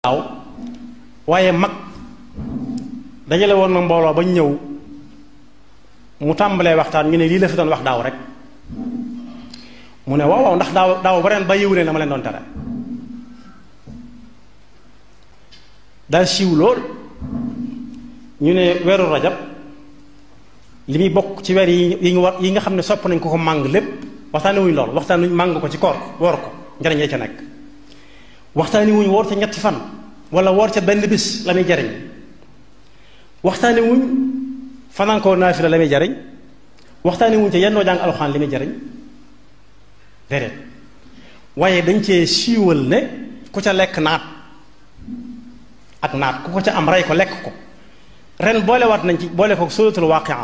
waaw waaye mag dajale woon na mbooloo ba ñëw mu tàmbalee waxtaan ñu ne lii la fi doon wax daaw rek mu ne waaw waaw ndax daaw daaw ba ren bàyyiwu leen dama leen doon tere daa siiw lool ñu ne weeru rajab li muy bokk ci weer yi yi ñu war yi nga xam ne sopp nañ ko ko màng lépp waxtaanewuñ lool waxtaan wuñ màng ko ci koor woor ko njariñ la ca nekk waxtaani wuñ woor ca ñetti fan wala woor ca benn bis la muy jariñ waxtaani wuñ fanaan la muy jariñ waxtaani wuñ ca yendoo jàng alxuraan li muy jariñ déedéet waaye dañ cee siiwal ne ku ca lekk naat ak naat ku ko ca am rey ko lekk ko ren boolewaat nañ ci boole ko suratul waaqia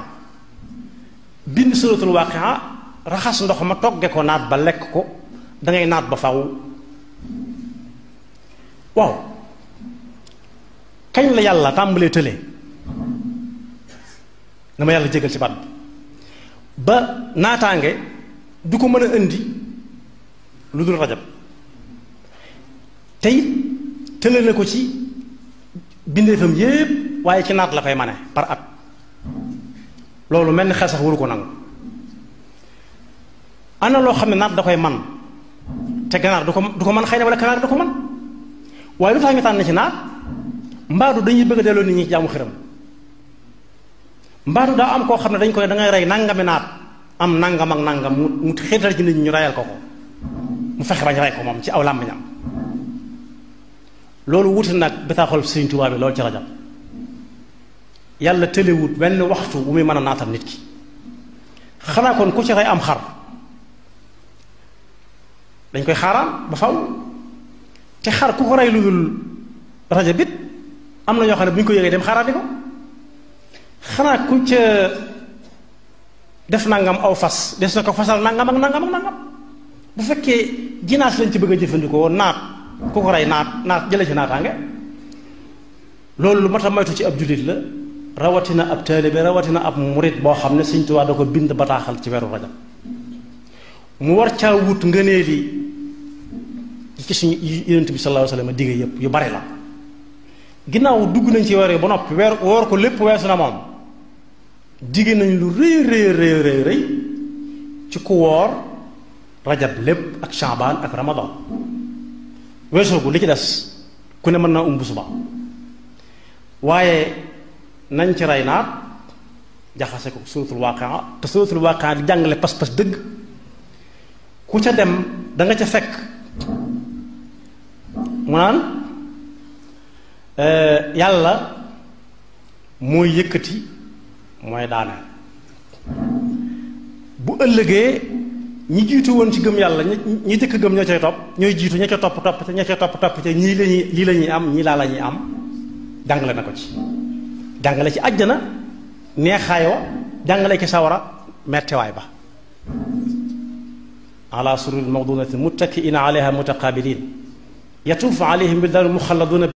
bind suratul waaqia raxas ndox ma togge ko naat ba lekk ko dangay naat ba faw waaw kañ la yàlla tàmbalee tële na ma yàlla jégal ci baat bi ba naataange du ko mën a indi lu dul rajab tey tële na ko ci bindeefam yépp waaye ci naat la koy mane par at loolu mel ni xel sax waru ko nangu ana loo xam ne naat da koy man te ganaar du ko du ko man xëy na wala ganaar du ko man waaye lu tax ñu tànn ci naat mbaadu dañuy bëgg a delloo nit ñi ci jaamu xiram mbaadu daa am koo xam ne dañ koy dangay ngay rey nangami naat am nangam ak nangam mu mu xiital ci nit ñu reyal ko ko mu fexe bañ rey ko moom ci aw làmmiñam loolu wuti nag bataaxal Sëriñ Tuubaa bi loolu ci rajam yàlla tëlewut benn waxtu bu muy mën a naatal nit ki xanaa kon ku ci rey am xar dañ koy xaaraan ba faw te xar ku ko ray lu raja bit amna ño na buñ ko yegge dem xaraati ko xana ku ci def nangam aw fas des na ko fasal nangam ak nangam ak nangam bu fekke ginaas lañ ci bëgg jëfëndiko naat ku ko ray naat naat jël ci loolu lu mata maytu ci ab julit la rawatina ab taalibe rawatina ab murid bo xamne seigne touba da ko bind bataxal ci raja mu war ca wut ngeeneeli ci suñu yëneent bi sallallahu alayhi sallam digge yëpp yu bari la ginnaaw dugg nañ ci waré ba noppi wër woor ko lépp wess na moom digge nañ lu rëy rëy rëy rëy rëy ci ku wor rajab lépp ak shaabaan ak ramadan weesoo ko li ci dess ku ne mën naa suba waaye nañ ci jaxase ko suratul waqi'a te suratul waqi'a di jàngale pas-pas dëgg ku ca dem da nga ca fekk mu naan euh, yàlla mooy yëkkati mooy daaneel bu ëllëgee ñi jiitu woon ci gëm yàlla ñi jëkk gëm ñoo cay topp ñooy jiitu ña ca topp topp ña ca topp topp ca ñii lañuy lii la ñuy am ñii laa la ñuy am jàngale na ko ci jàngale ci àjjana neexaay wa jàngale ki sawara mettewaay ba ala surul mawdunatin muttakiina alayha mutaqabiliin يطوف عليهم بالدار مخلدون